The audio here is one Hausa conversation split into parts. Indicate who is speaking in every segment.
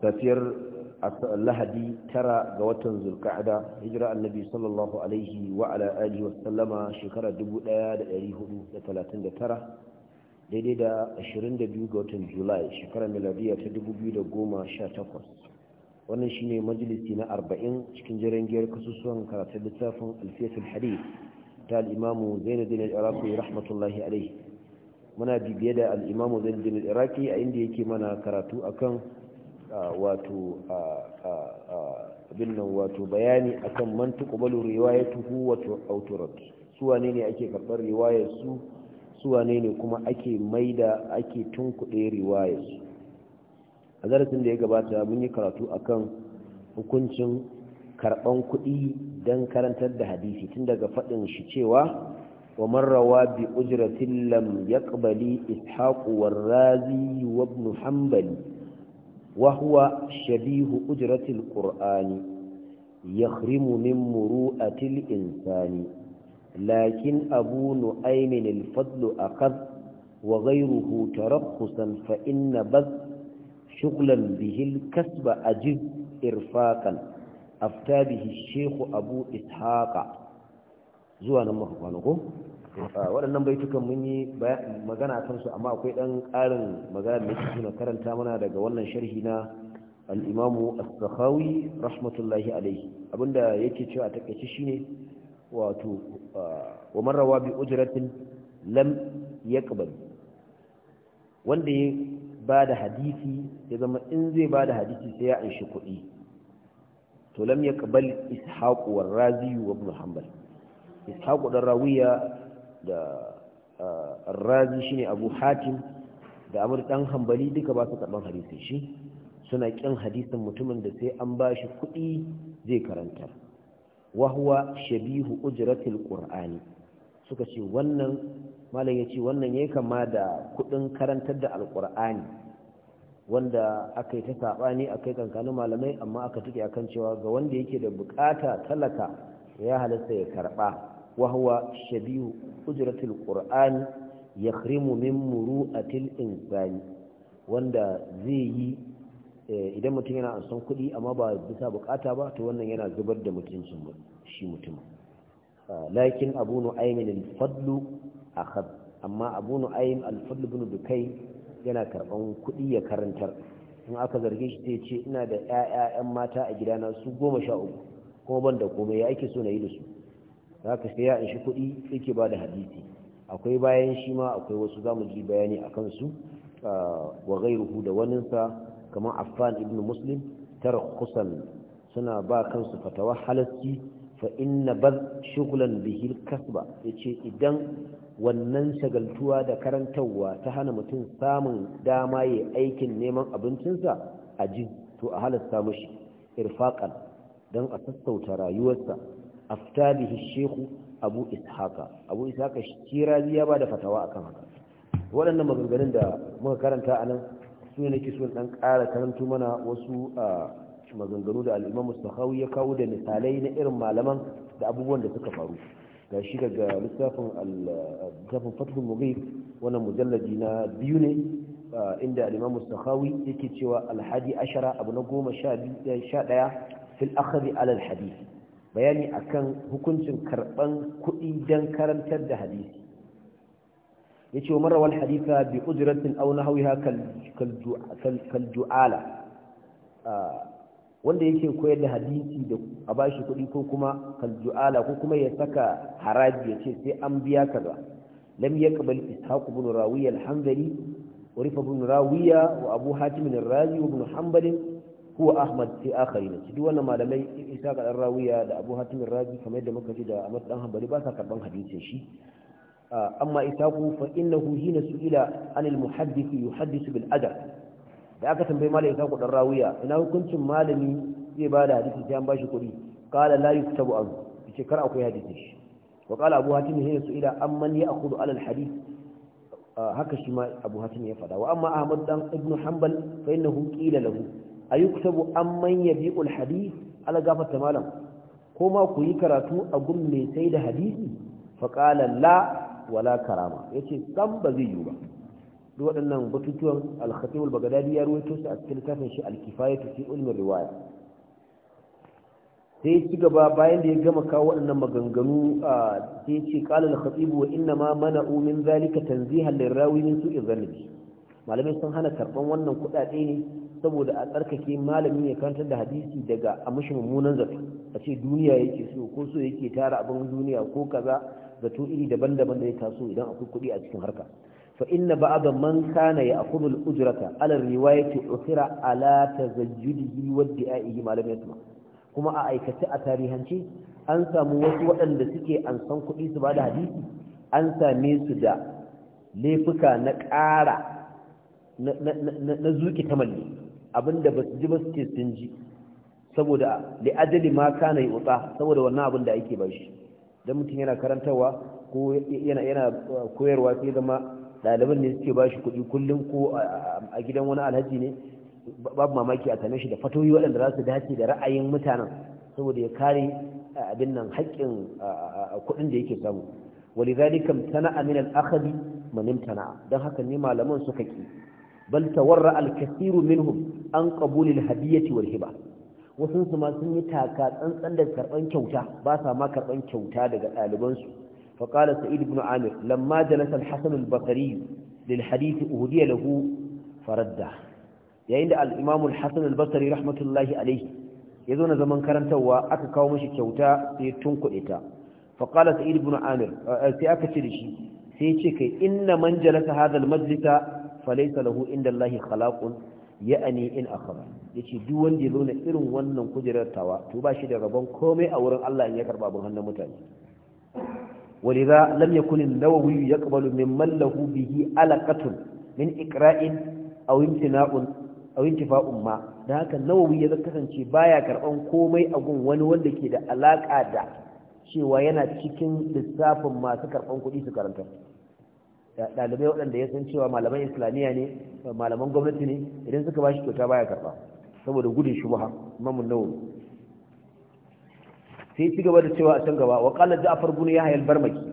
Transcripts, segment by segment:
Speaker 1: safiyar lahadi tara ga watan zulka'ada hijira annabi sallallahu alaihi wa ala alihi wa sallama shekara 1439 daidai da 22 ga watan julai shekara miladiya ta 2018 wannan shine majalisi na 40 cikin jirangiyar kasusuwan karatun littafin alfiyatul hadith ta al-imamu zainuddin al-iraqi rahmatullahi alaihi muna bibiye da al-imamu zainuddin al-iraqi a inda yake mana karatu akan wato abin nan wato bayani akan man tuqbalu riwayatuhu wa tu'turad su wane ne ake karbar riwayar su suwa wane ne kuma ake maida ake tunkuɗe riwayar su a darasin da ya gabata mun yi karatu akan hukuncin karban kuɗi don karantar da hadisi tun daga faɗin shi cewa wa marrawa bi ujratin lam yaqbali ishaq warrazi wa ibn وهو شبيه أجرة القرآن يخرم من مروءة الإنسان لكن أبو نعيم الفضل أخذ وغيره ترخصا فإن بذ شغلا به الكسب أجد إرفاقا أفتى به الشيخ أبو إسحاق زوانا مخبانه waɗannan baitukan mun yi magana kan su amma akwai ɗan ƙarin magana da yake na karanta mana daga wannan sharhi na al-imamu as-sakhawi rahmatullahi abinda yake cewa a takaice ne wato wa man bi ujiratin lam yaqbal wanda ya ba da hadisi ya zama in zai ba da hadisi sai ya anshi kuɗi to lam ya ishaq ishaƙuwar raziyu wa muhammad. hanbal rawiya da razi shine abu hatim da amur dan hambali duka ba su karban hadisin shi suna kin hadisin mutumin da sai an ba shi kuɗi zai karanta wa shabihu ujratil qur'ani suka ce wannan malam ya ce wannan yayi kama da kuɗin karantar da Alƙur'ani. wanda aka yi ta sabani akai kankanin malamai amma aka tuke akan cewa ga wanda yake da bukata talaka ya halatta ya karɓa. wa huwa shabihu ujratul qur'ani yakhrimu min muru'atil insani wanda zai yi idan mutum yana an san kuɗi amma ba bisa bukata ba to wannan yana zubar da mutuncin shi mutum lakin abu ainihin alfadlu a akhad amma abu nu'aym ainihin alfadlu ibn dukai yana karban kuɗi ya karantar in aka zarge shi sai ce ina da ƴaƴa mata a gidana su goma sha uku kuma ban da komai ya ake so na yi da su za ka sai ya ishi kuɗi yake ba da hadisi akwai bayan shi ma akwai wasu za mu ji bayani a kansu wa gairuhu da waninsa kamar affan ibn muslim tarkusan suna ba kansu fatawa halarci fa inna bar shugulan bihil kasba ya ce idan wannan shagaltuwa da karantarwa ta hana mutum samun dama ya aikin neman abincinsa a ji to a halasta mashi irfaƙan don a sassauta rayuwarsa afta bihi shehu abu ishaqa abu ishaqa shirazi ya bada fatawa akan haka waɗannan maganganun da muka karanta a nan su ne nake ɗan ƙara karanto mana wasu maganganu da al'imam mustahawi ya kawo da misalai na irin malaman da abubuwan da suka faru ga shi daga littafin littafin fathul mughib wannan mujalladi na biyu ne inda al'imam mustahawi yake cewa alhadi ashara abu na goma sha ɗaya fil akhadhi alal hadisi bayani akan hukuncin karban kuɗi don karantar da hadisi ya ce wa marawar haditha bi ujiratin auna hauya kalju'ala wanda yake koyar da hadisi da a bashi kuɗi ko kuma kalju'ala ko kuma ya saka haraji ya ce sai an biya kaza lam yaqbal ishaq ibn rawiya al-hanbali wa rifa rawiya wa abu hatim al-razi ibn huwa ahmad sai akari ne duk wannan malamai isa ga rawiya da abu hatim raji kamar yadda muka ji da ahmad dan hanbali ba sa karban hadisin shi amma isaku fa innahu hina su'ila anil muhaddith yuhaddith bil adab da aka tambaye malai ku dan rawiya ina hukuncin malami zai bada hadisi sai an bashi kuɗi qala la yuktabu an yace kar akwai hadisi shi wa qala abu hatim hina su'ila amman ya'khudhu ala hadith haka shi ma abu hatim ya fada wa amma ahmad dan ibnu hanbal fa innahu qila lahu ayuktabu amman yabi'ul hadith ala gafarta malam ko ma ku yi karatu a gun mai sai da hadisi fa qala la wala karama yace san ba zai yi ba duk waɗannan batutuwan al-khatib al-baghdadi ya ruwaito su a cikin littafin shi al-kifayatu fi ulmi riwaya sai ya ci gaba bayan da ya gama kawo waɗannan maganganu sai ya ce qala al-khatib wa inna ma mana'u min zalika tanzihan lirawi min su'i zanbi malamai sun hana karban wannan kuɗaɗe ne saboda a tsarkake malamin ya kantar da hadisi daga a mummunan zato a ce duniya yake so ko so yake tara abin duniya ko kaza zato iri daban-daban da ya taso idan akwai kuɗi a cikin harka fa inna ba'da man kana ya'khudhu ya ujrata ala riwayati ukhra ala tazajjudihi wa di'aihi malam yasma kuma a aikace a tarihance an samu wasu waɗanda suke an san kuɗi su ba da hadisi an same su da laifuka na ƙara na zuki tamalli abinda ba su ji ba su ce sun ji saboda li'ajali ma kana yi utsa saboda wannan abin da ake ba shi don mutum yana karantarwa ko yana uh, koyarwa sai zama ɗaliban ne suke bashi, kuɗi kullum ko a gidan wani alhaji ne babu mamaki a tane shi da fatoyi waɗanda za su dace da ra'ayin mutanen saboda ya kare uh, abin nan haƙƙin uh, kuɗin da yake samu walizalika tana min al-akhadi man imtana dan haka ne malaman suka ki bal tawarra al kasiru minhum an qabul al-hadiyati hiba wasu su ma sun yi taka tsantsan da karban kyauta ba sa ma karban kyauta daga ɗaliban su fa qala sa'id ibn amir lamma jalasa al-hasan al lil hadith uhdiya lahu faradda yayin da al-imam al-hasan al-basri rahmatullahi alayhi zo na zaman karantawa aka kawo mishi kyauta sai tunkuɗe ta fa qala sa'id ibn amir sai aka ce da shi sai ce kai inna man jalasa hadha al-majlisa falaysa lahu inda Allahi khalaqun ya'ani in akhara yace duk wanda ya zauna irin wannan kujerar tawa to ba shi da rabon komai a wurin Allah in ya karba abin hannun mutane ولذا لم يكن النووي يقبل ممن له به علقة من إقراء أو امتناع أو انتفاء ما da haka nawawi ya kasance baya karban komai a gun wani wanda ke da alaka da cewa yana cikin lissafin masu karban kuɗi su karanta ɗalibai waɗanda ya san cewa malaman islamiyya ne malaman gwamnati ne idan suka ba shi kyauta baya karɓa saboda gudun shubha imamun nawawi sai ci gaba da cewa a can gaba wa qala ja'far ibn yahya al-barmaki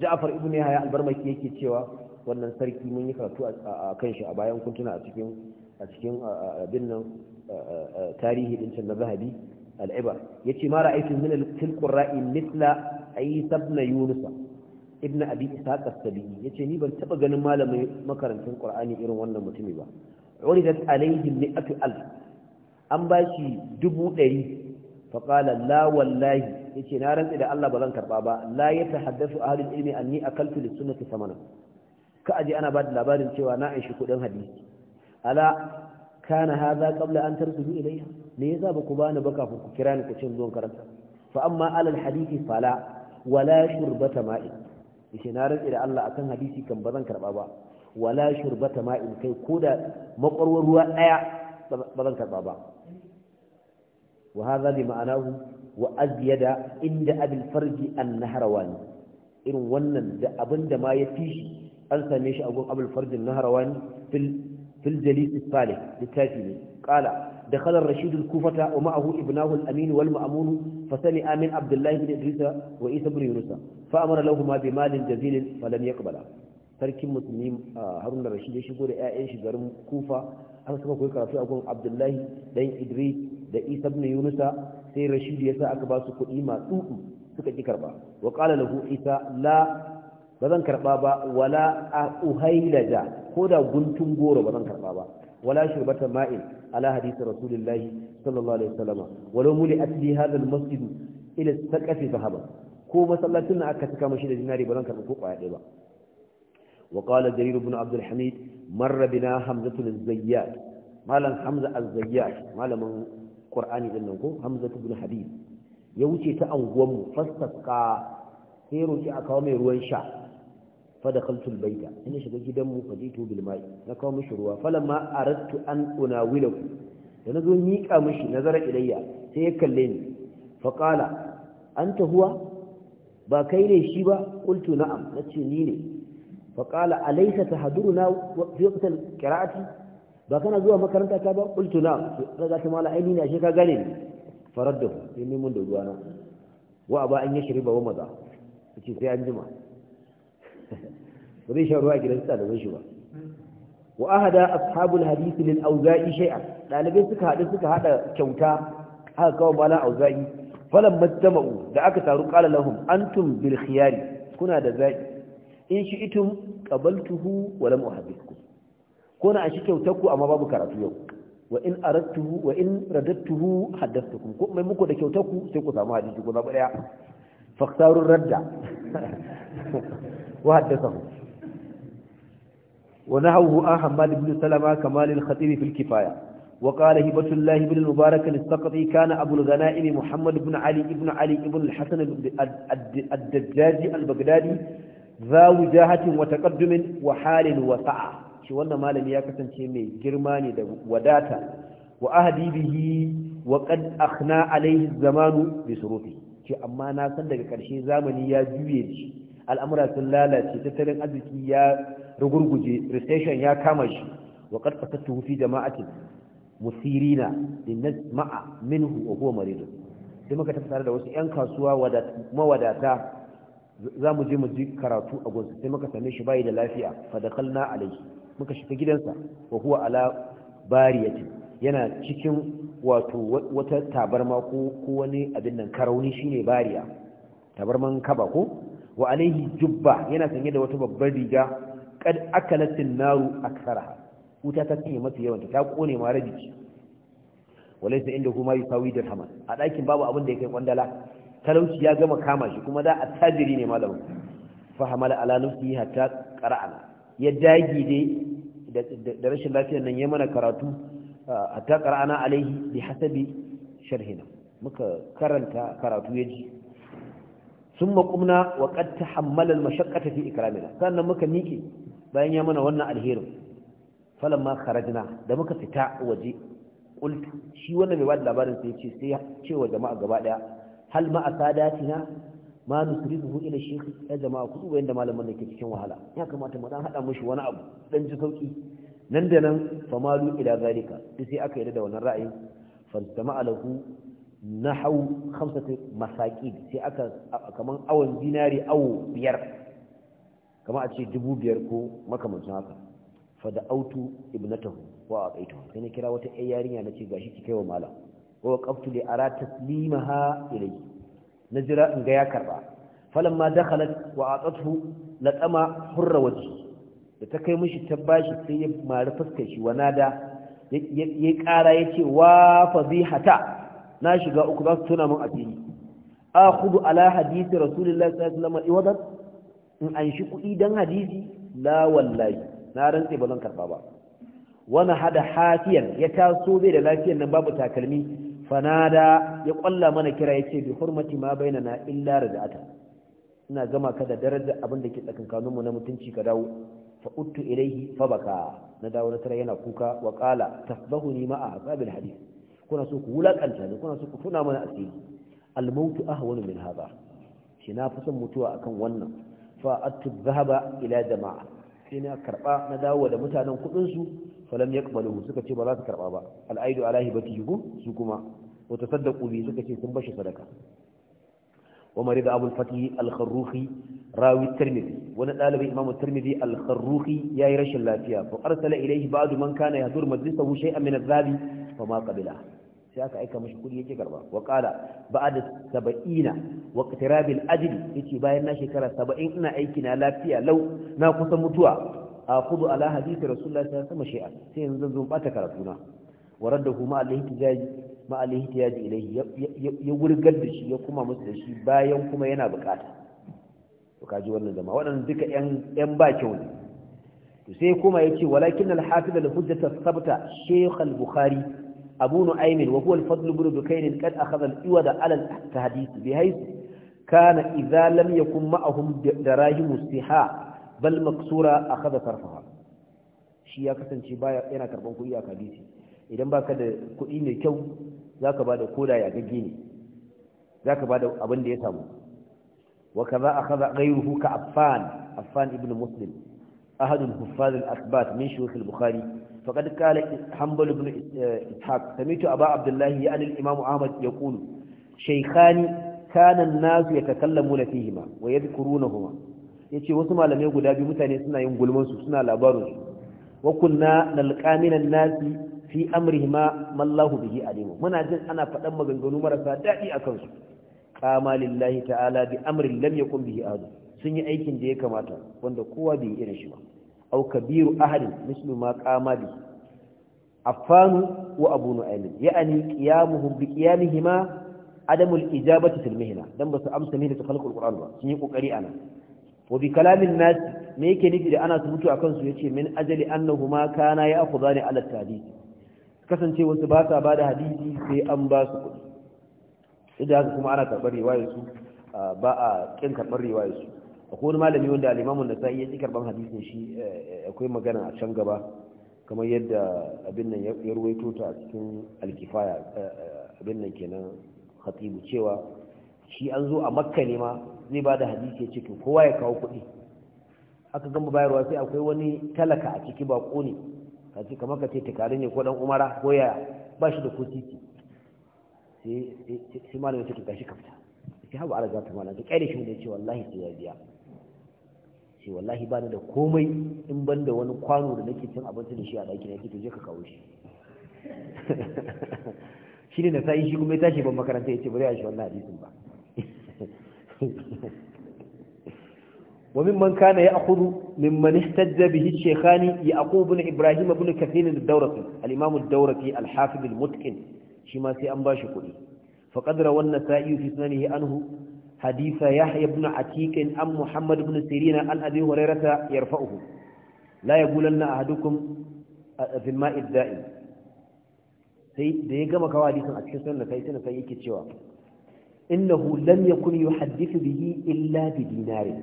Speaker 1: ja'far ibn yahya al-barmaki yake cewa wannan sarki mun yi karatu a kan shi a bayan kuntuna a cikin a cikin abin nan tarihi din can na zahabi al-ibar yace ma ra'aytu min al-qurra'i mithla isa ibn yunus ibn abi ishaq as-sabi yace ni ban taba ganin malamin makarantun qur'ani irin wannan mutumi ba uridat alayhi mi'atu alf an bashi dubu ɗari fa qala la wallahi yace na rantsi da Allah ba zan karba ba la yatahaddathu ahlul ilmi anni akaltu lis-sunnati samana ka aje ana ba da labarin cewa na aishi kudin hadisi ala kana hadha qabla an tarsudu ilayya me yasa ba ku bani ba kafin ku kira ni ku cin zuwan karanta fa amma alal hadisi fala wala shurbata ma'in yace na rantsi da Allah akan hadisi kan bazan karba ba wala shurbata ma in kai ko da makwarwar ruwa daya bazan karba ba wa hadha bi ma'anahu wa azyada inda abil farji an-nahrawani irin wannan da abinda ma ya fi an same shi a gun abul farji an fil jalis salih littafi ne kala دخل الرشيد الكوفة ومعه ابناه الأمين والمأمون فسمع من عبد الله بن إدريس وإيسى بن يونس فأمر لهما بمال جزيل فلم يقبلا sarkin musulmi harun da rashid ya shigo da 'ya'yan shi garin kufa an suka koyi karatu a gun abdullahi dan idris da isa ibn yunusa sai Rashidu yasa sa aka ba su kuɗi masu suka ki karba wa qala lahu isa la ba karba ba wala uhaila ko da guntun goro ba zan ba wala shurbata ma'in ala hadisi rasulillahi sallallahu alaihi wasallam walau muli asli hadha almasjid ila saqafi zahaba ko masallacin na aka saka mashi da dinari ba zan ko kwaya ɗaya ba wa qala jarir Abdulhamid abd alhamid marra bina hamzatu az-zayyat malam hamza az-zayyat malamin qur'ani din nan ko hamza ibn habib ya wuce ta anguwan mu fastasqa sai roki a kawo mai ruwan sha fadakaltu albayta ina shiga gidan mu fajitu bil ma'i na kawo mishi ruwa falamma aradtu an unawilahu da nazo miƙa mishi nazara ilayya sai ya kalle ni fa qala anta huwa ba kai ne shi ba qultu na'am nace ni ne fa qala alaysa tahduruna fi waqt alqira'ati ba kana zuwa makaranta ta ba qultu na'am daga ta mala aini ne shi ka gane ni faraddu ni mun da ruwa na wa aba an yashriba wa madha sai an jima ba zai shan ruwa a gidan ɗaliban shi ba wa ahada ashabul hadisi lil auza'i shay'a dalibai suka hadu suka hada kyauta aka kawo mala auza'i falan majtama'u da aka taru qala lahum antum bil khiyari kuna da zai in shi itum qabaltuhu wa lam uhaddithkum kuna a shi kyautarku amma babu karatu yau wa in aradtuhu wa in radattuhu haddathtukum ko mai muku da kyautarku sai ku samu hadisi ku zaba daya Faktarur radda وحدثه ونحوه عن حماد بن سلمة كمال الخطيب في الكفاية وقال هبة الله بن المبارك السقطي كان أبو الغنائم محمد بن علي بن علي بن الحسن الدجاجي البغدادي ذا وجاهة وتقدم وحال وسعة شو أن مالا ياكسا شيمي جرماني وداتا وأهدي به وقد أخنا عليه الزمان بسروطه ce amma na san daga ƙarshe zamani ya juye shi al'amura sun lalace tattalin arziki ya rugurguje recession ya kama shi wa qad da jama'atin musirina linasma'a minhu wa huwa marid sai muka tafi tare da wasu yan kasuwa mawadata za mu je mu ji karatu a gonsa sai muka same shi bayi da lafiya fa dakalna alayhi muka shiga gidansa wa huwa ala bariyati yana cikin wato wata tabarma ko wani abin nan karauni shine bariya tabarman kaba ko wa alaihi jubba yana sanye da wata babbar riga kad akalatin naru aksaraha wuta ta cinye masa yawan ta kone ma rabi walaysa inda kuma da dirhaman a dakin babu abin da kai kwandala talauci ya gama kama shi kuma da tajiri ne malamin fa ala nufi hatta qara'ana ya dage dai da rashin lafiyar nan ya mana karatu hatta qara'ana alaihi bi hasabi sharhina muka karanta karatu ji. sun makumna wa ƙad ta hammalar mashakkata fi ikramina sannan muka miƙe bayan ya mana wannan alherin falon ma kharajina da muka fita waje ƙulta shi wannan mai ba da labarin sai ce sai cewa jama'a gaba ɗaya hal ma a na ma nusrifuhu ila shekhi ya jama'a ku tsubayin da malamin da ke cikin wahala ya kamata mu dan haɗa mashi wani abu dan ji sauƙi nan da nan famalu ila zalika sai aka yi da wannan ra'ayin jama'a alahu na hau hamsata masaƙi sai aka kamar awon zinari awo biyar kama a ce dubu biyar ko makamancin haka fada autu ibnatahu ko a kaitahu sai na kira wata yarinya na ce gashi ki kaiwa malam wa qaftu li ara taslimaha ilayhi na jira in ga ya karba falan ma dakhalat wa atathu tama hurra waji da ta kai mishi ta bashi sai ya mari fuskar shi nada ya ƙara ya ce wa fazihata na shiga uku za su tuna min a akhudhu ala hadisi rasulullahi sallallahu alaihi wasallam in an shi kuɗi dan hadisi la wallahi na rantse ba zan karba ba wani hada hafiyan ya taso bai da lafiyan nan babu takalmi fanada ya kwalla mana kira ya ce bi hurmati ma baina na illa raja'ata ina gama ka da daraja abin da ke tsakankanin mu na mutunci ka dawo fa uttu ilaihi fa baka na dawo na tara yana kuka wa qala tasbahuni ma ashabil hadith kuna so ku wulakanta ne kuna so ku tuna mana asiri almautu ahwanu min haza. shi na fi son mutuwa akan wannan fa attu dhahaba ila jama'a sai na karba na dawo da mutanen kudin su falam yaqbaluhu suka ce ba za su karba ba al'aidu ala hibatihi su kuma wa tasaddaqu bi suka ce sun bashi sadaka wa marid abul fatih al-kharruhi rawi tirmidhi wani dalibi imamu tirmidhi al-kharruhi yayi rashin lafiya fa arsala ilayhi ba'du man kana yadur majlisahu shay'an min adh-dhabi fama kabila sai aka aika mishi kudi yake karba wa qala ba'da 70 wa iqtirabil ya yace bayan na shekara saba'in ina aiki na lafiya lau na kusa mutuwa akhudhu ala hadisi rasulullah sallallahu alaihi wasallam sai yanzu zan bata karatuna wa raddahu ma alaihi tijaji ma alaihi tijaji ilaihi ya wurgar da shi ya kuma musu da shi bayan kuma yana bukata to kaji wannan zama waɗannan duka yan yan ba kyau ne to sai kuma yace walakin al-hafiz al as-sabta shaykh al-bukhari abu nu'aymin wa huwa al-fadl ibn dukayn qad akhadha al-iwada 'ala al-tahdith bi haythu kana idha lam yakun ma'ahum darahim istiha bal maqsura akhadha sarfaha shi ya kasance baya yana karban kuɗi a kadisi idan baka da kuɗi ne kyau zaka bada koda ya gaggi ne zaka bada abin da ya samu wa kaza akhadha ghayruhu ka affan affan ibn muslim ahadul huffaz al-athbat min shuyukh al-bukhari فقد قال حنبل بن إسحاق سمعت أبا عبد الله يعني الإمام أحمد يقول شيخان كان الناس يتكلمون فيهما ويذكرونهما yace wasu malamai guda biyu mutane suna yin gulman su suna labarin su wa kunna nalqaminan nasi fi amrihima mallahu bihi alimu muna jin ana faɗan maganganu marasa daɗi a kansu. kama lillahi ta'ala bi amrin lam yakun bihi ahad sun yi aikin da ya kamata wanda kowa bai irin shi ba aw kabiru ahadin mislu ma qama bi afanu wa abu nu'aym ya'ni qiyamuhum bi qiyamihima adamu ijabati fil mihna dan basu amsa mihna ta khalqul qur'an ba sun yi kokari ana wa bi kalamin nas me yake nufi da ana subutu akan su yace min ajali annahuma kana ya'khudani ala tadi kasance wasu ba sa bada hadisi sai an ba su kudi idan kuma ana karbar riwayar su ba a kin karbar riwayar su akwai wani malami wanda alimamun imam sa'i nasai ya ji karban hadisin shi eh, eh, akwai magana a can gaba kamar yadda abin nan ya ruwaito ta a cikin alkifaya eh, abin nan kenan khatibu cewa shi an zo a Makka ne ma zai ba da hadisi ya ce to kowa ya kawo kuɗi aka gama bayarwa sai akwai wani talaka a ciki bako ne a ce kamar ka ce takari ne ko dan umara ko ya ba shi da kuɗi sai malamin ta ka gashi ka fita sai haɓa ala za ta mana ta ƙyale shi ne ce wallahi sai ya biya ce wallahi ba da komai in ban da wani kwano da nake cin abinci da shi a ɗakin yake to je ka kawo shi shi ne na sa'in shi kuma ya tashi ban makaranta ya ce bari a shi wannan hadisin ba wa min man kana ya akudu min man ihtajja bihi shekhani ya akudu bin ibrahim bin kafin da daurafi al'imam daurafi alhafi bin mutkin shi ma sai an ba shi kuɗi faƙadara wannan sa'in fi sunanihi anhu حديث يحيى بن عتيك أم محمد بن سيرين عن أبي هريرة يرفعه لا يقولن أحدكم في الماء الدائم da ya gama kawo hadisin a cikin sunan sai sai yake cewa innahu lam yakun yuhaddithu bihi illa bi dinari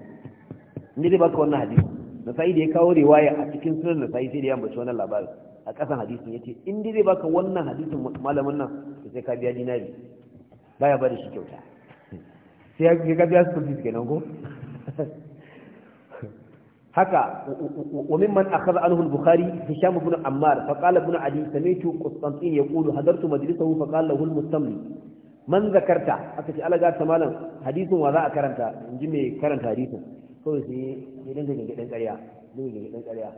Speaker 1: ni dai baka wannan hadisi na sai da ya kawo riwaya a cikin sunan sai sai da ya ambaci wannan labarin a kasan hadisin yace in dai baka wannan hadisin malamin nan sai ka biya dinari baya bada shi kyauta sai ya gajiya su fiske nan ko haka wa min mimman akhadha anhu al-bukhari hisham ibn ammar fa qala ibn ali samitu qustantin yaqulu hadartu majlisahu fa qala lahu al-mustamli man zakarta aka ci alaga ta malam hadithun wa za a karanta inji me karanta hadithun kawai sai ya dinga gange dan ƙarya dinga gange dan ƙarya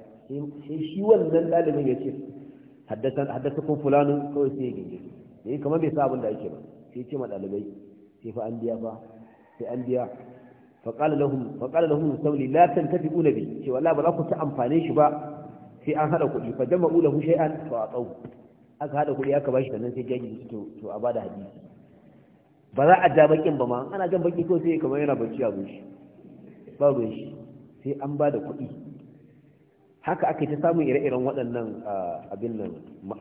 Speaker 1: sai shi wannan dalibin ya ce haddasan haddasa kun fulanu kawai sai ya gange ne kamar bai sa abin da ake ba sai ya ce ma dalibai sai fa an biya fa sai an biya faƙala lahum faƙala lahum musauli la tantafi'una bi ce wallahi ba za ku ta amfane shi ba sai an hada kuɗi fa jama'u lahu shay'an fa atau aka hada kuɗi aka bashi sannan sai jaji to to a bada hadisi ba za a ja bakin ba ma ana jan baki ko sai kamar yana bacci a gushi ba ruwan shi sai an bada kuɗi haka aka ta samun ire-iren waɗannan abin nan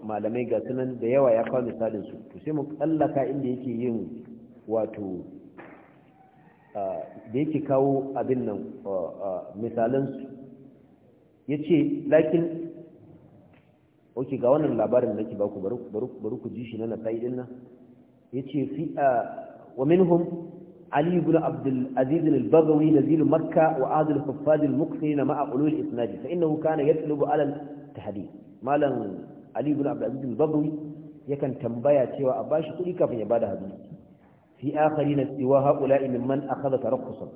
Speaker 1: malamai ga sunan da yawa ya kawo misalin su to sai mu tsallaka inda yake yin wato da yake kawo abin nan misalansu ya ce lakin oke ga wannan labarin da ke baku bari ku ji shi na nasa'i nan ya ce fi wa minhum علي بن عبد العزيز البغوي نزيل مكة وعاد الحفاظ المقصين مع علو الإسناد فإنه كان يطلب على التحديث مالا علي بن عبد العزيز البغوي yakan tambaya cewa a bashi kuɗi kafin ya bada hadisi fi akharina siwa haula'i man akhadha tarakkusan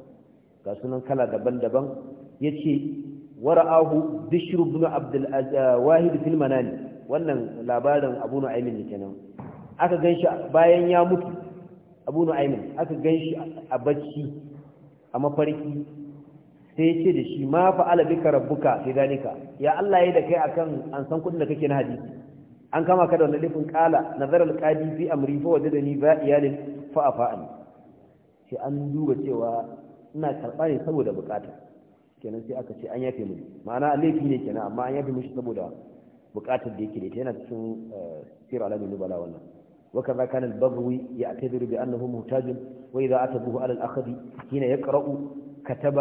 Speaker 1: ga sunan kala daban-daban yace wara'ahu bishr ibn abd al-wahid fil manan wannan labarin abu nu'aymin ne kenan aka ganshi bayan ya mutu abu nu'aymin aka ganshi a bacci a mafarki sai ya ce da shi ma fa'ala bika rabbuka fi dalika ya Allah yayi da kai akan an san kudin da kake na hadisi an kama ka da wannan lifin kala nazar al-qadi fi amri fa wajadani ba iyalin fa'afa an sai an duba cewa ina karɓa ne saboda bukata kenan sai aka ce an yafe mu ma'ana laifi ne kenan amma an yafe mishi saboda bukatar da yake da ita yana cikin eh, sirr alamin nubala wannan وكذا كان a يعتذر بأنه مهتاج وإذا أتبوه على الأخذ حين يقرأ كتب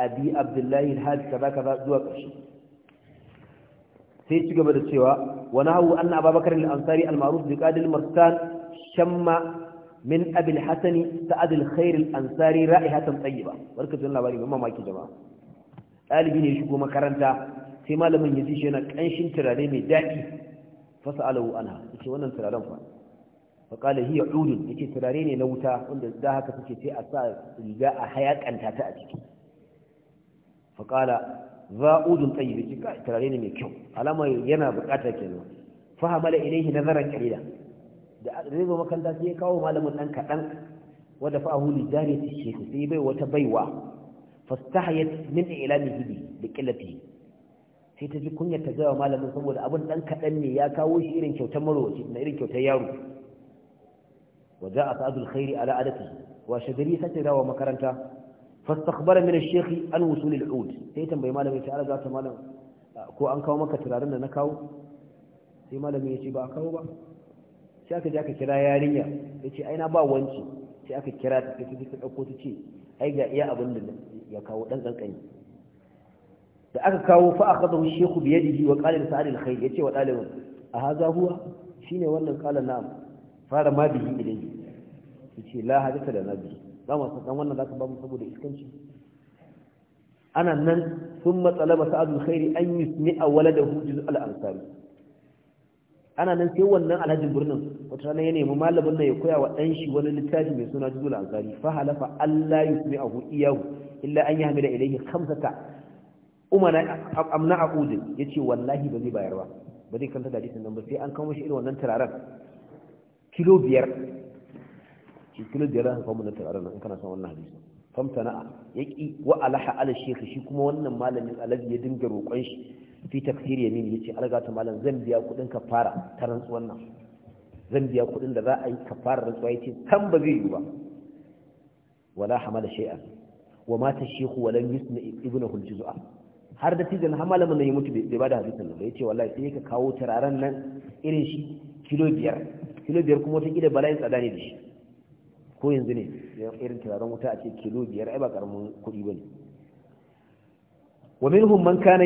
Speaker 1: أبي عبد الله الهاد كذا كذا zuwa ƙarshe. sai ci gaba da cewa wani hau an na ababakar al'ansari al-maruf da ƙadil martan shamma min abil hasani ta al-khair al-ansari ra'ihatan tayyiba barka tun labari ban mamaki jama'a dalibi ne shigo makaranta sai malamin ya ji shi yana kanshin turare mai daɗi fasalahu anha yace wannan turaren fa fa qala hiya udun yace turare ne na wuta wanda da haka suke sai a sa riga a hayakanta ta a ciki fa qala za udun tayyib yace turare ne mai kyau alama yana bukata kenan fa hamala ilayhi nazaran qalila da zai zo makaranta sai ya kawo malamin nan kaɗan wadda fa'ahu li jariyati shaykh sai bai wata baiwa fastahayat min ilamihi bi da qillati sai ta ji kunyar ta ga malamin saboda abin dan kaɗan ne ya kawo shi irin kyautar marowaci na irin kyautar yaro za a وجاء سعد الخير على عادته وشجري سترى ومكرنتا فاستخبر من الشيخ عن وصول العود sai tambayi malamin ta Allah ta malam ko an kawo maka turaren da na kawo sai malamin ya ce ba a kawo ba sai aka je aka kira yarinya ya ce ai na ba wanci sai aka kira ta sai ta ɗauko ta ce ai ga iya abin da ya kawo ɗan ƙanƙani da aka kawo fa aka zama shehu biye da wa ƙalin sa'ad alkhair ya ce wa ɗalibin a haza huwa ne wannan ƙalan na fara ma idan. ilai ya ce la hadisa da na bihi za mu san wannan za ka ba mu saboda iskanci ana nan sun matsala matsalaba sa'ad alkhair an yusmi a wala da al al'amsari. ana nan sai wannan alhajin birnin wata rana ya nemi malamin nan ya koya wa ɗan shi wani littafi mai suna juzul ansari fa halafa Allah ya yusmi ahu iyahu illa an yahmila ilayhi khamsata umana amna aqudin yace wallahi ba zai bayar ba ba zai kanta da hadisin nan ba sai an kawo shi irin wannan turaren kilo biyar shi kilo biyar an kawo wannan turaren in kana son wannan hadisi famtana'a yaki wa alaha ala shekhi shi kuma wannan malamin alaji ya dinga roƙon shi fi tafsir yamin yace alga ta malam zan biya kudin kafara ta rantsuwan nan zan biya kudin da za a yi kafara rantsuwa yace kan ba zai yi ba wala hamala shay'an wa mata shaykhu wa lam yusna ibnu huljuzu'a har da tijan hamala mun ne mutu bai bada hadisin nan yace wallahi sai ka kawo turaren nan irin shi kilo biyar kilo biyar kuma wata kila bala'in tsada ne da shi ko yanzu ne irin turaren wuta a ce kilo biyar ai ba karamin kuɗi ba ne wa minhum man kana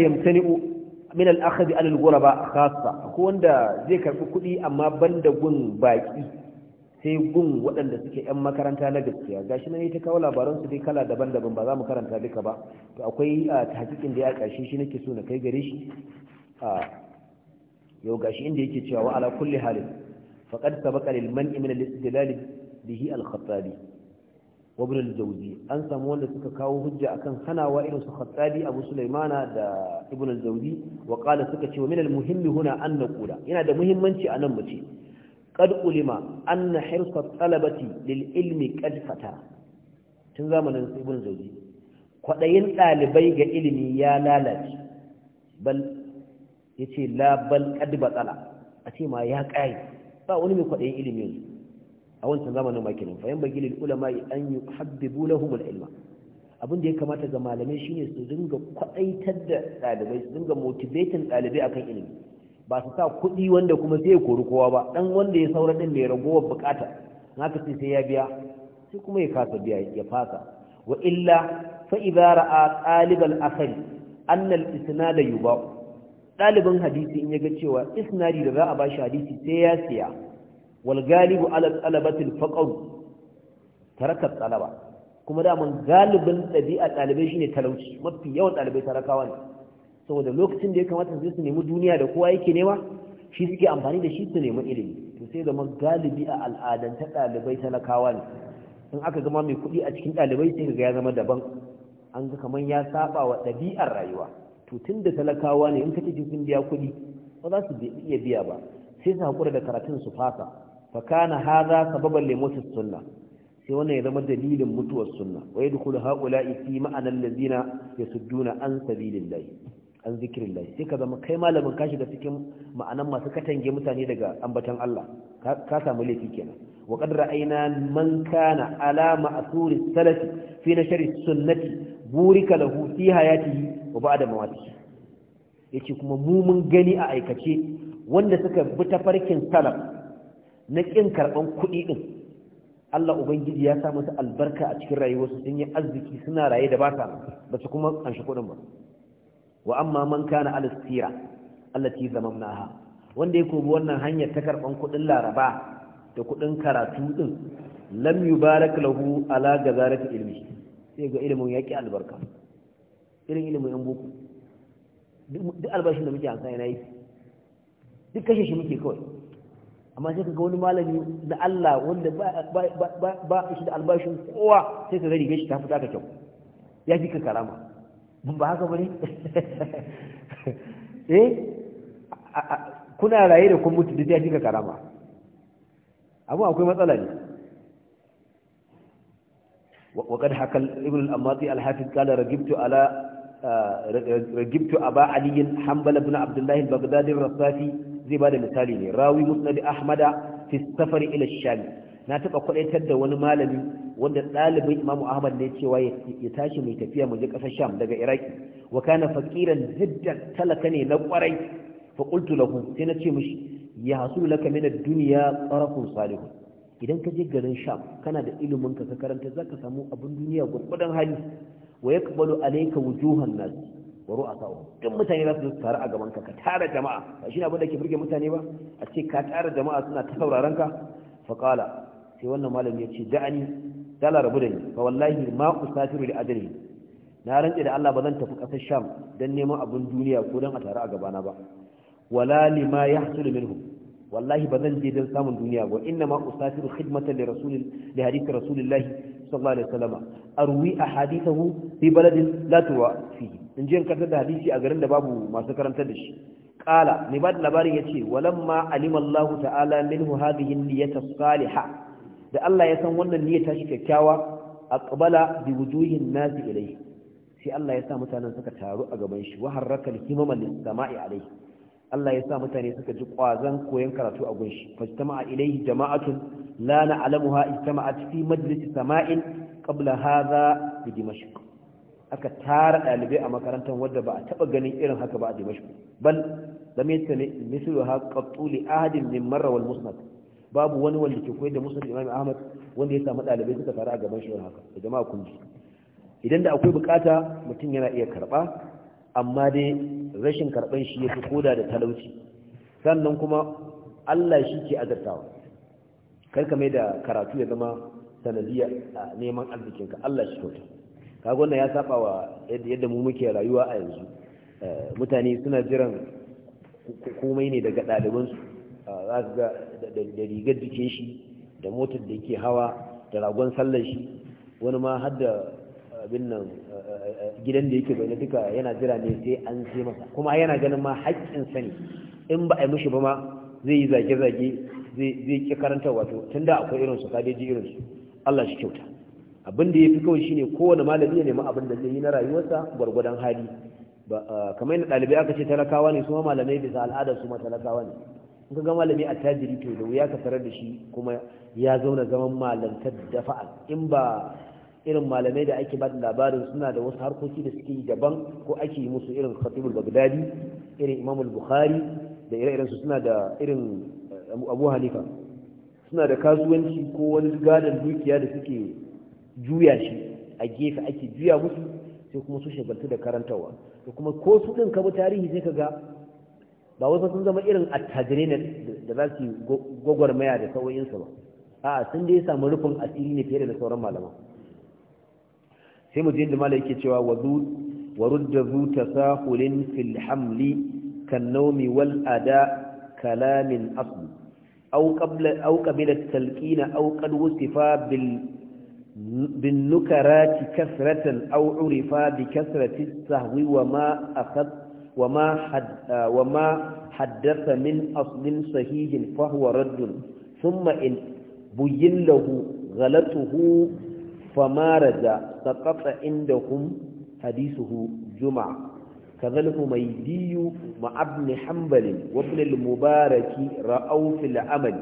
Speaker 1: min al-akhd an al-ghuraba khassa ko wanda zai karbi kudi, amma banda gun baki sai gun waɗanda suke yan makaranta na gaskiya gashi nan ta kawo labaran su dai kala daban-daban ba za mu karanta duka ba to akwai tahqiqin da ya kashi shi nake so na kai gare shi yau gashi inda yake cewa wa ala kulli halin faqad sabaqa lil man'i min al-istidlal bihi al-khattabi wa ibn an samu wanda suka kawo hujja akan hanawa irin su khattabi abu sulaimana da ibn al wa qala suka ce wa min al-muhim huna an naqula yana da muhimmanci anan mu ce qad ulima anna hirsa talabati lil ilmi qad fata tun zamanin ibn al kwadayin dalibai ga ilimi ya lalace bal yace la bal qad batala a ce ma ya kai ba wani mai kwadayin ilimi yanzu a wancan zamanin ma kenan fayan bagi lil ulama an yuhabbibu lahum al ilma abin da ya kamata ga malamai shine su dinga kwaɗaitar da ɗalibai su dinga motivating ɗalibai akan ilimi ba su sa kuɗi wanda kuma sai ya kori kowa ba dan wanda ya saura din mai ragowar bukata haka sai sai ya biya sai kuma ya kasa biya ya fasa wa illa fa idza ra'a talib asali anna yuba ɗaliban hadisi in ya ga cewa isnadi da za a bashi hadisi sai ya siya wal galibu ala talabatil faqr taraka talaba kuma da mun galibin dabi'a dalibai shine talauci mafi yawan dalibai tarakawa ne saboda lokacin da ya kamata su su nemi duniya da kowa yake nema shi suke amfani da shi su nemi ilimi to sai zama galibi a al'adan ta ta talakawa ne in aka zama mai kuɗi a cikin ɗalibai sai ga ya zama daban an ga kamar ya saba wa ɗabi'ar rayuwa to tun da talakawa ne in ka ce sun biya kuɗi ba za su iya biya ba sai su haƙura da karatun su fasa fa kana hadha sababan li sunna sai wannan ya zama dalilin mutuwar sunna wa yadkhulu haula'i isi ma'anan allazina yasudduna an sabilillah an zikrillah sai ka zama kai malamin kashi da cikin ma'anan masu katange mutane daga ambatan Allah ka samu laifi kenan wa qad ra'ayna man kana ala ma'thuri salafi fi shari sunnati burika lahu fi hayatihi wa ba'da mawatihi yace kuma mu mun gani a aikace wanda suka bi tafarkin salaf na ƙin karɓan kuɗi ɗin Allah Ubangiji ya sa masa albarka a cikin rayuwarsu sun yi arziki suna raye da ba ba su kuma ƙanshi kuɗin ba wa amma man kana alistira na zamamnaha wanda ya kobi wannan hanyar ta karɓan kuɗin laraba da kuɗin karatu ɗin lam yubarak lahu ala gazarati ilmi sai ga ilimin yaƙi albarka irin ilimin yan boko duk albashin da muke amsa yana yi duk kashe shi muke kawai amma sai ga wani malami na Allah wanda ba shi da albashin kowa sai kaga rigar shi ta fita ka kyau ya fi ka karama mun ba haka bane eh kuna raye da kun mutu duk ya fi ka karama abu akwai matsala ne وقد حكى ابن الأماطي الحافظ قال رجبت على رجبت أبا علي حنبل بن عبد الله البغدادي الرصافي zai ba da misali ne rawi musnad ahmada fi safar ila na taba kwadaitar da wani malami wanda ɗalibin imamu ahmad ne cewa ya tashi mai tafiya mu je ƙasar sham daga iraki wa kana faqiran jiddan talaka ne na kwarai fa qultu lahu sai na ce mishi ya hasu laka min ad-dunya qarafun salih idan ka je garin sham kana da ilimin ka ka karanta zaka samu abin duniya gurgudan hali wa yaqbalu alayka wujuhan nas wa ru'asa'u duk mutane za su zo a gaban ka ka tara jama'a ba shi ne abin da ke burge mutane ba a ce ka tara jama'a suna ta sauraron ka fa qala sai wannan malami ya ce da'ani dala rabu da ni fa wallahi ma usafiru li ajali na rantse da Allah ba zan tafi kasar Sham dan neman abin duniya ko dan a taru a gabana ba wala lima yahsulu minhum wallahi ba zan je dan samun duniya ba inna ma usafiru khidmatan li rasulil li hadith rasulillah sallallahu alaihi wasallam arwi ahadithahu fi baladin la tuwa in ji karanta da hadisi a garin da babu masu karantar da shi Ƙala, ne ba da labarin yace walamma alima Allah ta'ala minhu hadhihi niyyata salihah da Allah ya san wannan niyyar tashi kyakkyawa aqbala bi wujuhin nas ilai. sai Allah ya sa mutanen suka taru a gaban shi wa harraka al-himama lis-sama'i alayhi Allah ya sa mutane suka ji kwazan koyon karatu a gunshi fajtama'a ilayhi jama'atun la na'lamuha ijtama'at fi majlis sama'in qabla hadha bi dimashq aka tara ɗalibai a makarantar wadda ba a taba ganin irin haka ba a dimashq bal lam yatani misluha qattu li ahadin min marra wal musnad babu wani wanda ke koyar da musnad imam ahmad wanda ya samu dalibai suka tara a gaban shi haka da jama'a kun ji idan da akwai bukata mutum yana iya karba amma dai rashin karɓar shi ya fi koda da talauci sannan kuma Allah shi ke azartawa karka mai da karatu ya zama sanadiyya a neman arzikinka Allah shi kyauta kaga wannan ya saba wa yadda mu muke rayuwa a yanzu eh, mutane suna jiran komai ne daga ɗalibansu za su ga da rigar jikin shi da motar da ke hawa da ragon sallar shi wani ma har da abin nan eh, eh, eh, gidan da yake bai duka yana jira ne sai an sai masa kuma yana ganin ma haƙƙin sani in ba a yi mishi ba ma zai yi zage-zage zai ƙi karanta wato tun da akwai irinsu kadeji irinsu Allah shi kyauta abin da ya fi kawai shine kowane malami ne ma abin da zai yi na rayuwarsa gwargwadon hali kamar yadda ɗalibai aka ce talakawa ne su ma malamai bisa al'ada su ma talakawa ne in ka ga malami a tajiri to da wuya ka tarar da shi kuma ya zauna zaman malamtar da fa'al in ba irin malamai da ake bada labarin suna da wasu harkoki da suke yi daban ko ake yi musu irin khatibul bagdadi irin Imam bukhari da ire suna da irin eh, abu Halifa, suna da kasuwanci ko wani gadon dukiya da suke juya shi a gefe ake juya musu sai kuma su shagaltu da karantarwa da kuma ko su ɗin tarihi sai ka ga ba wasu sun zama irin attajirai da za su gwagwarmaya da sauyinsu ba a sun dai samu rufin asiri ne fiye da sauran malaman
Speaker 2: sai mu je da malai yake cewa
Speaker 1: wa rudda zu tasahulin fil hamli kan naumi wal ada kalamin asli aw qabla aw qabila talqina aw qad wasifa bil bin nukarati kasratan aw urifa bi kasrati sahwi wa ma akhad wa ma had wa ma haddatha min aslin sahihin fa huwa radd thumma in buyin lahu ghalatuhu fama raja سقط عندهم حديثه جمعة كذلك ميدي مع ابن حنبل وابن المبارك رأوا في العمل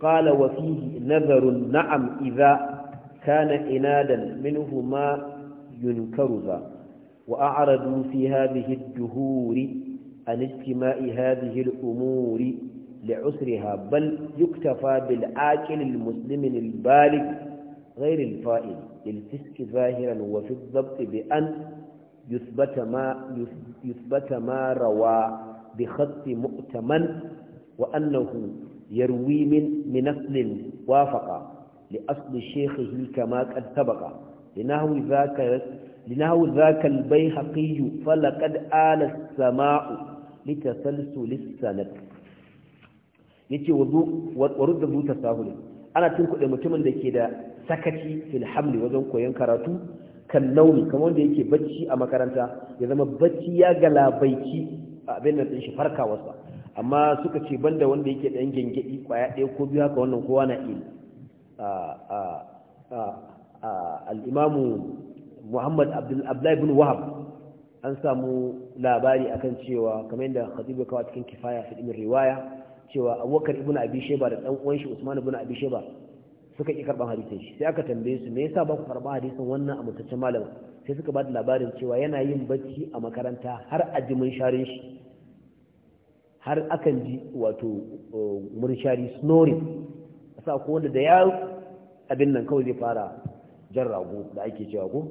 Speaker 1: قال وفيه نذر نعم إذا كان إنادا منه ما ينكر ذا وأعرضوا في هذه الدهور عن اجتماع هذه الأمور لعسرها بل يكتفى بالعاقل المسلم البالغ غير الفائل للفسق ظاهرا وفي الضبط بأن يثبت ما, يثبت ما روى بخط مؤتمن وأنه يروي من من أصل وافق لأصل شيخه كما قد سبق لنهو ذاك لنهو ذاك البيهقي فلقد آل السماء لتسلسل السند yace wudu warudda buta sahulin ana tunkuɗe mutumin da ke da sakaci fil hamli wajen koyon karatu kan nauni kamar wanda yake bacci a makaranta ya zama bacci ya galabaici abin da ɗin shi ba amma suka ce banda wanda yake ɗan gyangyaɗi kwaya ɗaya ko biyu haka wannan kowa na iya al'imamu muhammad abdullahi bin wahab an samu labari akan cewa kamar yadda khatibu kawo cikin kifaya fi riwaya cewa abubakar ibn abi sheba da dan uwan shi usman ibn abi sheba suka ƙi karɓar hadisin shi sai aka tambaye su me yasa ba ku karɓar hadisin wannan a mutaccen malam sai suka ba da labarin cewa yana yin bacci a makaranta har a ji mun share shi har akan ji wato mun uh, munshari snoring sa ko wanda da ya abin nan kawai zai fara jan rago da ake cewa ko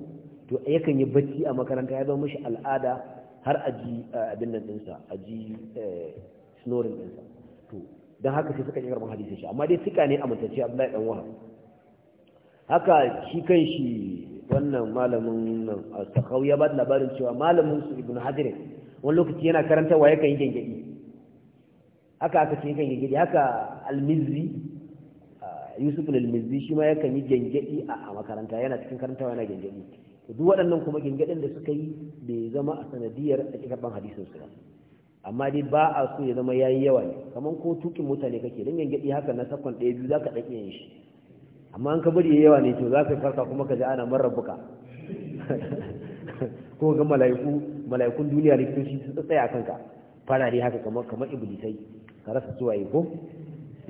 Speaker 1: to yakan yi bacci a makaranta ya zama mishi al'ada har a ji uh, abin nan ɗinsa a ji uh, snoring ɗinsa don haka sai suka kirkar hadisin shi amma dai suka ne a mutacce abdullahi dan wahab haka shi kan shi wannan malamin nan sakau ya ba da labarin cewa malamin su ibnu hajar wani lokaci yana karanta wa kan yi gengedi haka aka ce kan yi gengedi haka almizzi uh, yusuf almizzi shi ma kan yi gengedi a makaranta yana cikin karantawa yana gengedi duk waɗannan kuma gengedin da suka yi bai zama a sanadiyar a cikin hadisin su ba amma dai ba a so ya zama yayi yawa ne kamar ko tukin mutane kake dan gangadi haka na sakon ɗaya biyu zaka dake yin shi amma an ka bari yayi yawa ne to zaka farka kuma ka ji ana marrabuka ko ga malaiku malaikun duniya ne su tsaya akan ka fara dai haka kamar kamar iblisai ka rasa su yi ko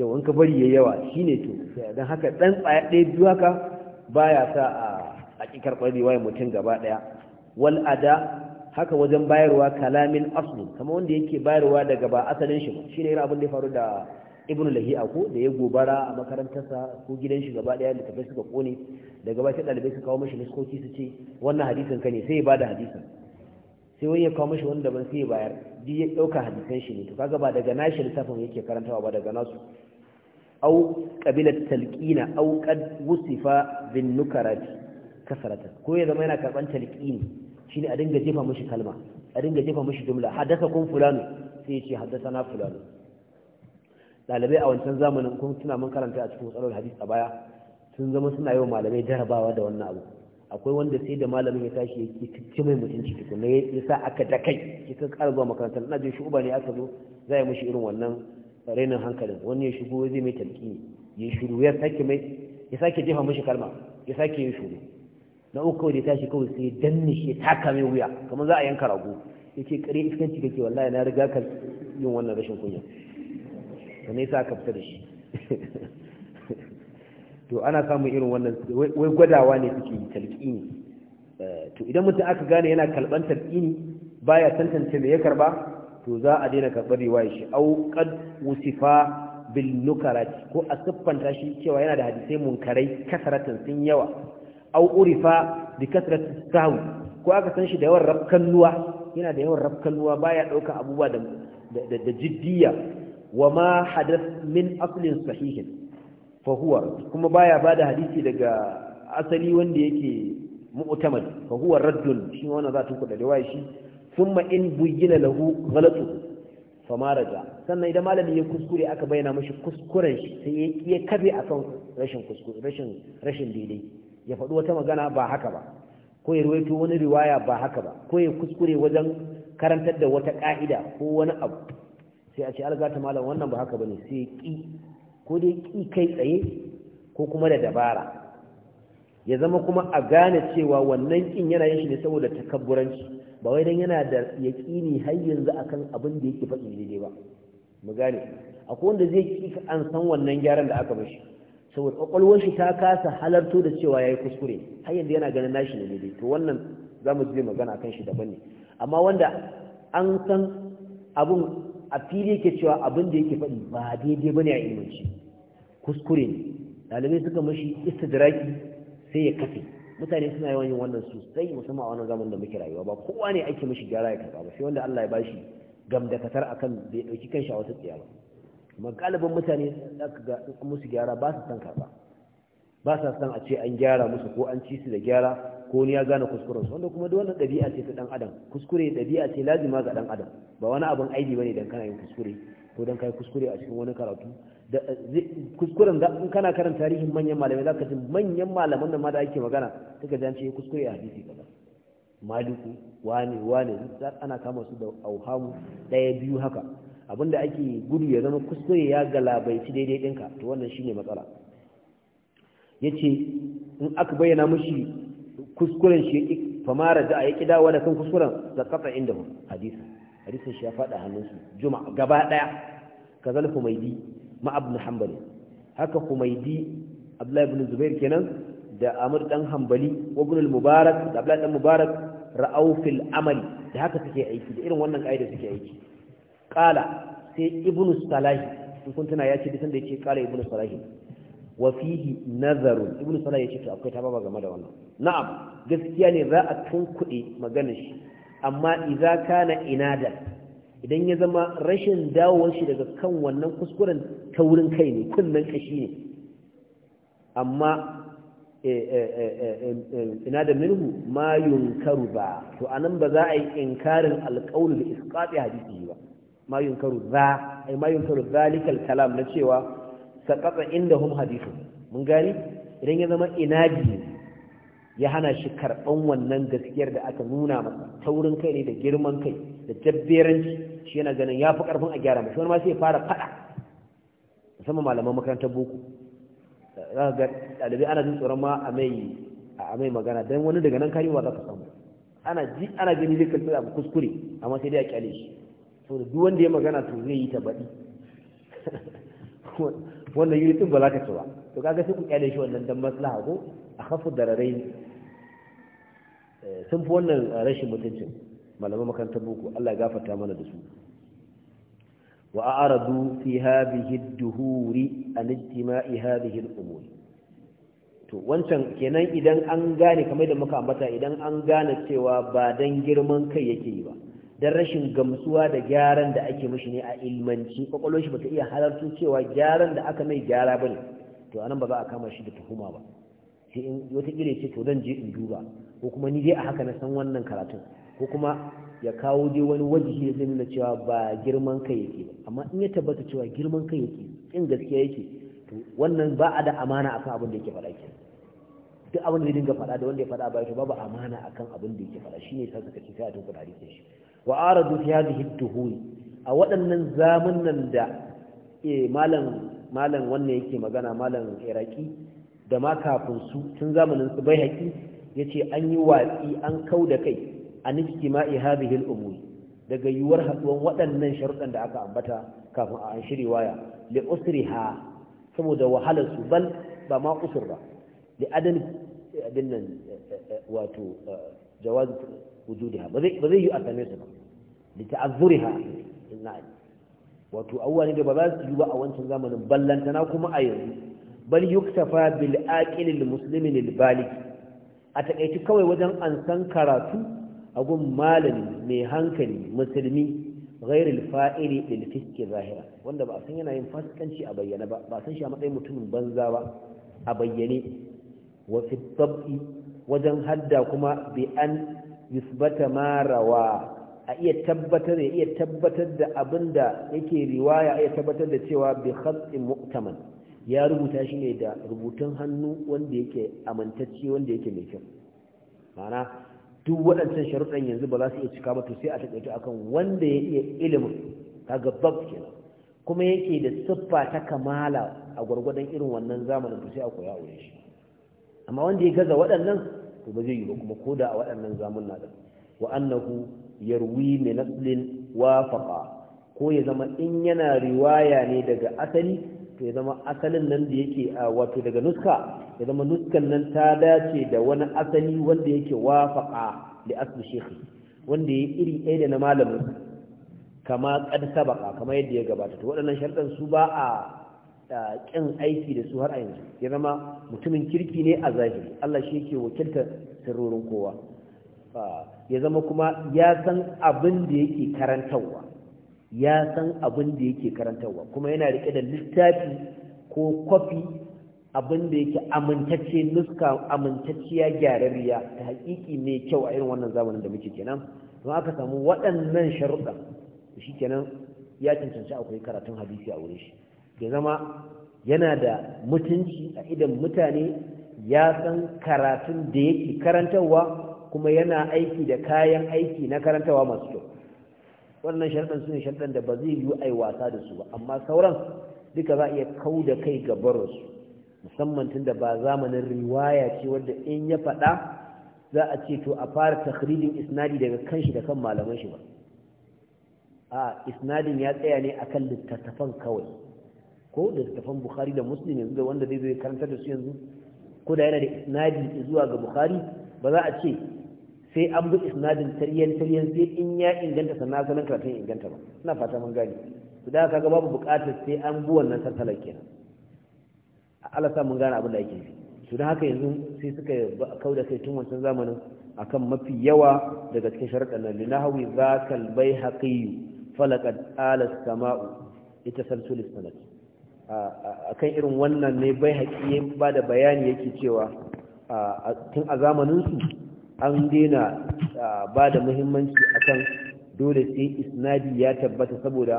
Speaker 1: yau an ka bari yayi yawa shine to dan haka dan tsaya ɗaya biyu haka baya sa a a kikar kwarewa mutum gaba daya wal ada haka wajen bayarwa kalamin aslu kamar wanda yake bayarwa daga ba asalin shi ba shine irin abin da ya faru da ibn lahi'a ko da ya gobara a makarantarsa ko gidan shi gaba daya littafai suka kone daga bakin dalibai suka kawo mashi miskoki su ce wannan hadisin ka ne sai ya bada hadisin sai wani ya kawo mashi wani daban sai ya bayar duk ya dauka hadisan shi ne to kaga ba daga nashi littafin yake karantawa ba daga nasu au qabilat talqina au qad wusifa bin nukarati kasarata ko ya zama yana karban talqini shine a dinga jefa mishi kalma a dinga jefa mishi jumla haddasa kun fulano sai ya ce haddasa na fulano ɗalibai a wancan zamanin kun suna mun karanta a cikin matsalar hadis a baya sun zama suna wa malamai jarabawa da wannan abu akwai wanda sai da malamin ya tashi yake cikin mai mutunci tukuna ya sa aka da kai ya kan ƙara zuwa makarantar ina jin shuba ne aka zo za a mishi irin wannan rainin hankalin wani ya shigo zai mai talƙi ya shiru ya sake mai ya sake jefa mishi kalma ya sake yin shiru na uku kawai da tashi kawai sai danne shi taka mai wuya kamar za a yanka rago ya ce kare iskanci kake wallahi na riga ka yin wannan rashin kunya sannan sa aka fita da shi to ana samun irin wannan wai gwadawa ne suke yi talqini eh, to idan mutum aka gane yana kalban talqini baya tantance me ya karba to za a daina karbar riwaya shi au qad wusifa bil nukarat ko a siffanta shi cewa yana da hadisai munkarai kasaratan sun yawa aw urifa bi kasrati sahw ko aka san shi da yawan rafkannuwa yana da yawan rafkannuwa baya ɗauka abubuwa da da jiddiya wa ma hadath min aslin sahihin fa huwa ba baya bada hadisi daga asali wanda yake mu'tamad Fahuwar huwa raddun shi wannan za ta kuɗa riwaya shi thumma in buyyina lahu ghalatu fama raja sannan idan malamin ya kuskure aka bayyana mashi kuskuren shi sai ya kabe akan rashin kuskure rashin rashin daidai ya faɗi wata magana ba haka ba ko ya ruwaito wani riwaya ba haka ba ko ya kuskure wajen karantar da wata ƙa'ida ko wani abu sai a ce algata malam wannan ba haka ba ne. sai ƙi ko dai ƙi kai tsaye ko kuma da dabara ya zama kuma a gane cewa wannan ƙin yana yin shi ne saboda takabburanci ba wai dan yana da yaƙini har yanzu akan abin da yake faɗi daidai ba mu gane akwai wanda zai ƙi an san wannan gyaran da aka bashi saboda kwakwalwar shi ta kasa halarto da cewa ya yi kuskure har yanzu yana ganin nashi ne daidai to wannan za mu je magana kan shi daban ne amma wanda an san abun a fili ke cewa abin da yake faɗi ba daidai ne a ilmanci kuskure ne Ɗalibai suka mashi istidraki sai ya kafe mutane suna yawan yin wannan sosai musamman a wannan zaman da muke rayuwa ba kowa ne ake mashi gyara ya karɓa ba sai wanda Allah ya bashi gamdakatar akan bai ɗauki kanshi a wata tsiya ba kuma galibin mutane zaka ga in musu gyara ba su san kaza ba sa san a ce an gyara musu ko an ci su da gyara ko wani ya gane kuskuren su wanda kuma duk wannan ɗabi'a ce ta dan adam kuskure ɗabi'a ce lazima ga dan adam ba wani abin aibi bane dan kana yin kuskure ko dan kai kuskure a cikin wani karatu eh, kuskuren da in kana karanta tarihin manyan malamai zaka ji manyan malaman da ma da ake magana kaga jan ce kuskure a hadisi kaza maliku wani wani ana kama su da auhamu daya biyu haka abinda ake gudu ya zama kuskure ya galabaici daidai ɗinka to wannan shine matsala ya ce in aka bayyana mushi kuskuren shi famara da a yi kidawa da kan kuskuren da kafa inda mu hadisa hadisa shi ya faɗa hannunsu juma gaba ɗaya ka zala humaidi ma'abin hambali haka humaidi abdullahi ibn zubair kenan da amur dan hambali wa mubarak da abdullahi dan mubarak ra'au fil amali da haka suke aiki da irin wannan da suke aiki kala sai ibnu salahi in kun tana ya ce bisan da yake kala ibnu salahi wa fihi nazaru ibnu salahi yace to akwai tababa game da wannan na'am gaskiya ne za a kudi maganar shi amma idza kana inada idan ya zama rashin dawowar shi daga kan wannan kuskuren taurin kai ne kunnen kashi ne amma eh, eh, eh, ina da minhu ma yunkaru ba to anan ba za a yi inkarin alƙawul da isqati hadisi ba ma karu za ai ma karu zalikal kalam na cewa inda hum hadithu mun gani idan ya zama inadi ya hana shi karban wannan gaskiyar da aka nuna masa taurin kai ne da girman kai da jabberanci shi yana ganin ya fi karfin a gyara mashi wani ma sai fara fada musamman malaman makarantar boko za ga ɗalibai ana jin tsoron ma a mai a mai magana don wani daga nan karewa za ka samu ana ji ana gani zai kalfi abu kuskure amma sai dai a kyale shi saboda duk wanda ya magana to zai yi ta baɗi wannan yuri tun ba za ka ci ba to kaga sai ku kyale shi wannan dan maslaha ko a hafu dararai eh, sun fi wannan rashin mutuncin malamai makarantar boko Allah ya gafarta mana da su wa a'radu fi hadhihi ad-duhuri an ijtima'i hadhihi al-umur to wancan kenan idan an gane kamar da muka ambata idan an gane cewa ba dan girman kai yake yi ba don rashin gamsuwa da gyaran da ake mashi ne a ilmanci kwakwalwar shi ta iya halartu cewa gyaran da aka mai gyara bane to anan ba za a kama shi da tuhuma ba sai in kire ce to dan je in duba ko kuma ni dai a haka na san wannan karatun ko kuma ya kawo dai wani waje shi zai nuna cewa ba girman kai yake ba amma in ya tabbata cewa girman kai yake in gaskiya yake to wannan ba a da amana akan abin da yake faɗa ke duk abin da ya dinga faɗa da wanda ya faɗa ba shi babu amana akan abin da yake faɗa shine sai ka ce sai a tunkuɗa hadisin shi wa aradu fi hadhihi ad a waɗannan nan da eh, malam malam wannan yake magana malam iraki da ma kafin su tun zamanin su bai haƙi yace an yi watsi an kau da kai an istima'i hadhihi al umur daga yuwar haduwan waɗannan sharuɗan da aka ambata kafin a an shirye waya li usriha saboda wahalar su bal ba ma usur ba li adan eh, nan eh, wato jawazi wujudiha ba zai yi a su ba da ta'azzuriha inna ali wato abubuwa ne da ba za su yi ba a wancan zamanin ballantana kuma a yanzu bal yuktafa bil aqil al muslimin al balig a takaici kawai wajen an san karatu a gun malami mai hankali musulmi ghairil fa'ili lil fiski zahira wanda ba a san yana yin fasikanci a bayyana ba ba san shi a matsayin mutumin banza ba a bayyane wa fi wajen hadda kuma bi an yusbata ma rawa a iya tabbatar ya iya tabbatar da abinda yake riwaya a iya tabbatar da cewa bi khatin mu'taman ya rubuta shi ne da rubutun hannu wanda yake amintacce wanda yake mai kyau ma'ana duk waɗancan sharuɗan yanzu ba za su iya cika ba to sai a taƙaita akan wanda ya iya ilimin kaga bab kenan kuma yake da siffa ta kamala a gwargwadon irin wannan zamanin to sai a koya wurin shi amma wanda ya gaza waɗannan ba zai yi ba kuma koda a waɗannan zamunna din wa annahu yarwi mai naslin wafaqa ko ya zama in yana riwaya ne daga asali to ya zama asalin nan da yake wato daga nuska ya zama nuskan nan ta dace da wani asali wanda yake wafaqa li asli shekhi wanda ya iri ɗaya da na malamin kama kad sabaka kama yadda ya gabata to waɗannan sharɗan su ba a ƙin aiki da su har a yanzu ya zama mutumin kirki ne a zahiri Allah shi yake wakiltar sirrorin kowa ya zama kuma ya san abin da yake karantarwa ya san abin da yake karantarwa kuma yana rike da littafi ko kwafi abin da yake amintacce nuska amintacciya gyararriya ta hakiki mai kyau a irin wannan zamanin da muke kenan don aka samu waɗannan sharuɗa shi kenan ya cancanci akwai karatun hadisi a wurin shi ya zama yana da mutunci a idan mutane ya san karatun da yake karantarwa kuma yana aiki da kayan aiki na karantarwa masu kyau wannan sharɗan su ne da ba zai yi ai wasa da su ba amma sauran duka za a iya kau da kai ga barosu musamman tun da ba zamanin riwaya ce wadda in ya faɗa za a ce to a fara takhrijin isnadi daga kanshi da kan malaman shi ba a isnadin ya tsaya ne akan littattafan kawai ko da littafan bukhari da muslim yanzu da wanda zai zai karanta da su yanzu ko da yana da isnadi zuwa ga bukhari ba za a ce sai an bi isnadin taryan taryan sai in ya inganta sana sanan karatun inganta ba ina fata mun gane to da kaga babu buƙatar sai an bi wannan sartalar kenan Allah sa mun gane abin da yake yi to da haka yanzu sai suka kauda kai tun wancan zamanin akan mafi yawa daga cikin sharaɗan nan linahawi zakal bai haƙiyu falakad alas sama'u ita salsulis sanad akan irin wannan ne bai haƙi ba da bayani yake cewa tun a zamaninsu an daina ba da muhimmanci akan dole sai isnadi ya tabbata saboda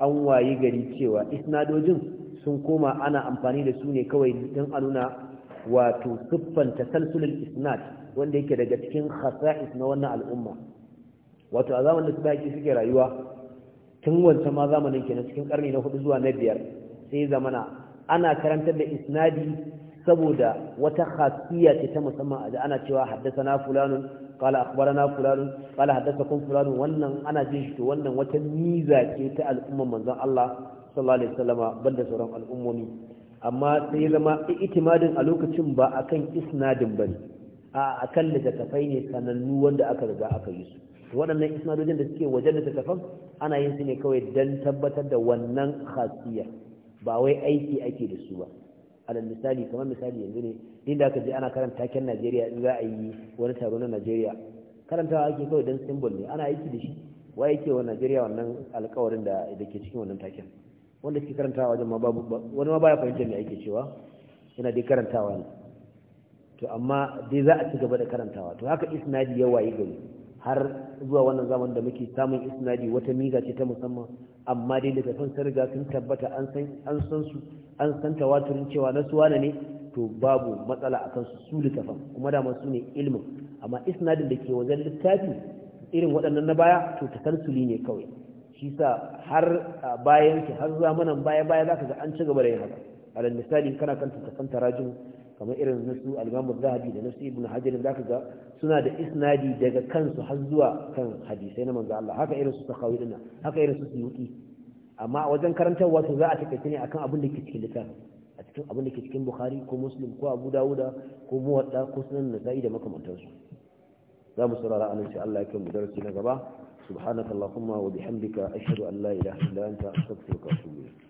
Speaker 1: an wayi gari cewa isnadojin sun koma ana amfani da su ne kawai don a nuna wato siffan tasalsulul isnad wanda yake daga cikin khasa'is na wannan al'umma wato a zamanin da suke rayuwa tun wancan ma zamanin ke na cikin ƙarni na hudu zuwa na biyar sai zamana ana karantar da isnadi saboda wata khasiyya ce ta musamman a ana cewa haddasa fulanun qala akhbarana fulanun haddasa haddathakum fulanun wannan ana jin shi to wannan wata miza ce ta al'umman manzon Allah sallallahu alaihi wasallama banda sauran al'ummomi amma sai zama itimadin a lokacin ba akan isnadin ne a akan littattafai ne sanannu wanda aka riga aka yi su waɗannan isnadojin da suke wajen littattafan ana yin su ne kawai don tabbatar da wannan khasiyya ba wai aiki ake da su ba alal misali kamar misali yanzu ne inda aka je ana karanta kan Najeriya za a yi wani taro na Najeriya karantawa ake kawai dan symbol ne ana aiki da shi wai yake wa Najeriya wannan alƙawarin da da ke cikin wannan taken wanda suke karantawa wajen ma babu wani ma baya fahimtar me ake cewa yana dai karantawa ne to amma dai za a ci gaba da karantawa to haka isnadi ya waye gari har zuwa wannan zaman da muke samun isnadi wata miga ce ta musamman amma dai daga sun riga sun tabbata an san su an san tawaturin cewa na su wane ne to babu matsala a kansu su littafan kuma da su ne ilmin amma isnadin da ke wajen littafi irin waɗannan na baya to tasalsuli ne kawai shi sa har bayan ki har zamanan baya baya zaka ga an ci gaba da yin haka alal misali kana kan tattafan tarajin kamar irin nasu al-Imam zahabi da nasu Ibn Hajar zaka ga suna da isnadi daga kansu har zuwa kan hadisai na manzo Allah haka irin su Sakawi dinnan haka irin su Suyuti amma wajen karantar to za a take ne akan abin da ke cikin littafin a cikin abin da ke cikin Bukhari ko Muslim ko Abu Dawuda ko Muwatta ko Sunan Nasa'i da makamantansu za mu saurara anan insha Allah mu darasi na gaba subhanakallahumma wa bihamdika ashhadu an la ilaha illa anta astaghfiruka wa atubu ilayk